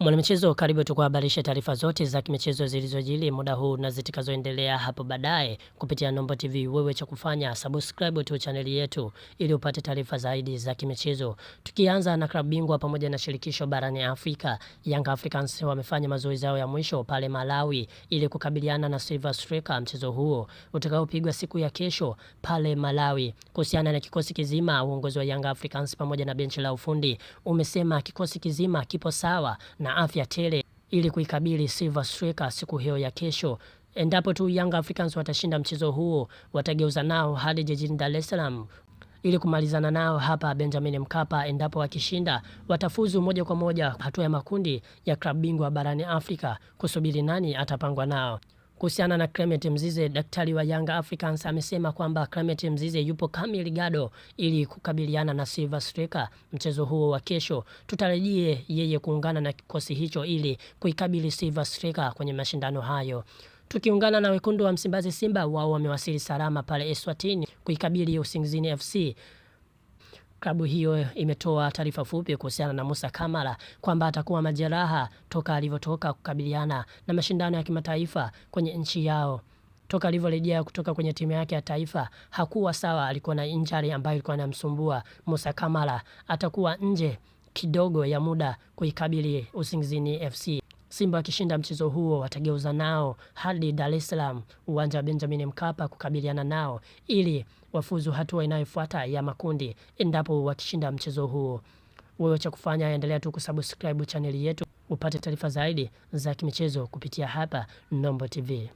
Mwanamichezo, karibu tukuhabarishe taarifa zote za kimichezo zilizojili muda huu na zitakazoendelea hapo baadaye kupitia Nombo TV. Wewe cha kufanya subscribe tu chaneli yetu ili upate taarifa zaidi za kimichezo, tukianza na klabu bingwa pamoja na shirikisho barani Afrika. Young Africans wamefanya mazoezi yao ya mwisho pale Malawi ili kukabiliana na Silver Strikers, mchezo huo utakaopigwa siku ya kesho pale Malawi. Kuhusiana na kikosi kizima, uongozi wa Young Africans pamoja na benchi la ufundi umesema kikosi kizima kipo sawa na afya tele ili kuikabili Silver Strikers siku hiyo ya kesho. Endapo tu Young Africans watashinda mchezo huo, watageuza nao hadi jijini Dar es Salaam ili kumalizana nao hapa Benjamin Mkapa. Endapo wakishinda, watafuzu moja kwa moja hatua ya makundi ya klabu bingwa barani Afrika. Kusubiri nani atapangwa nao. Kuhusiana na Clement Mzize, daktari wa Yanga Africans amesema kwamba Clement Mzize yupo kamili gado ili kukabiliana na Silver Strikers mchezo huo wa kesho. Tutarajie yeye kuungana na kikosi hicho ili kuikabili Silver Strikers kwenye mashindano hayo. Tukiungana na wekundu wa Msimbazi Simba, wao wamewasili salama pale Eswatini kuikabili Usingizini FC. Klabu hiyo imetoa taarifa fupi kuhusiana na Musa Kamara kwamba atakuwa majeraha toka alivyotoka kukabiliana na mashindano ya kimataifa kwenye nchi yao. Toka alivyorejea kutoka kwenye timu yake ya taifa hakuwa sawa, alikuwa na injari ambayo ilikuwa inamsumbua. Musa Kamara atakuwa nje kidogo ya muda kuikabili Usingizini FC. Simba wakishinda mchezo huo watageuza nao hadi Dar es Salaam, uwanja wa Benjamin Mkapa kukabiliana nao ili wafuzu hatua inayofuata ya makundi, endapo wakishinda mchezo huo. Wewe cha kufanya, endelea tu kusubscribe chaneli yetu upate taarifa zaidi za kimichezo kupitia hapa Nombo TV.